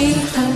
me.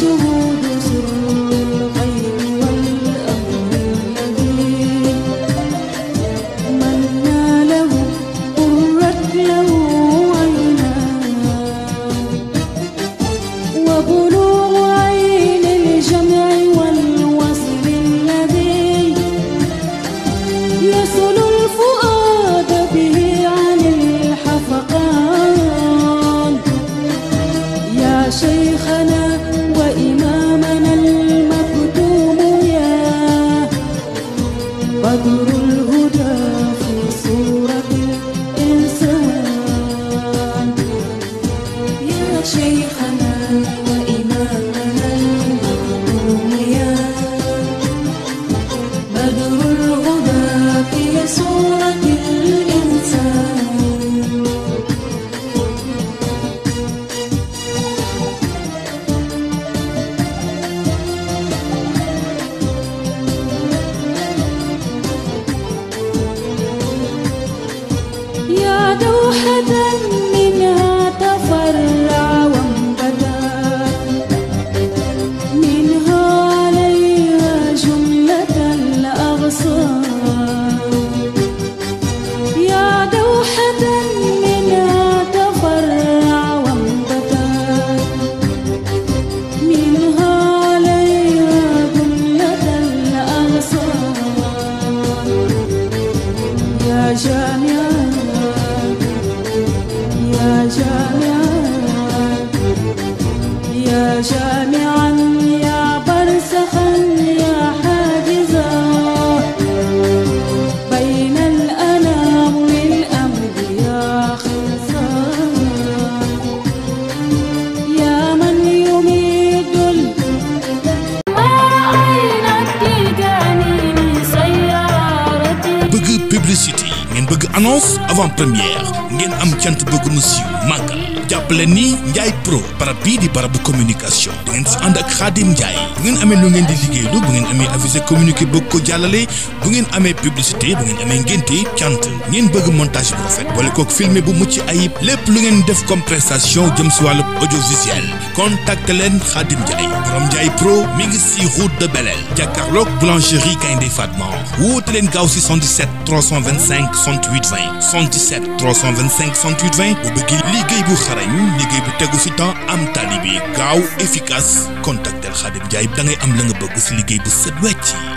vejo جامعة يا جامعة annonce avant première ngeen am cant bëgg nu siiw màggal jàppale ni Ndiaye Pro barab bii di barabu communication di ngeen si ànd ak Xaadim Ndiaye bu ngeen amee lu ngeen di liggéeylu bu ngeen amee avisé communiqué bëgg ko jàllale bu ngeen amee publicité bu ngeen amee ngénte cant ngeen bëgg montage bu rafet boole kook filmé bu mucc ayib lépp lu ngeen def comme prestation jëm si wàllu audiovisuel contacte leen Xaadim Ndiaye borom Ndiaye Pro mi ngi si route Belel jàkkaarloog boulangerie Gaynde Fatma wóote leen xarañ liggéey bu tegu fi temps am tali bi gaaw efficace contactel Khadim Ndiaye da ngay am la nga bëgg si liggéey bu set wecc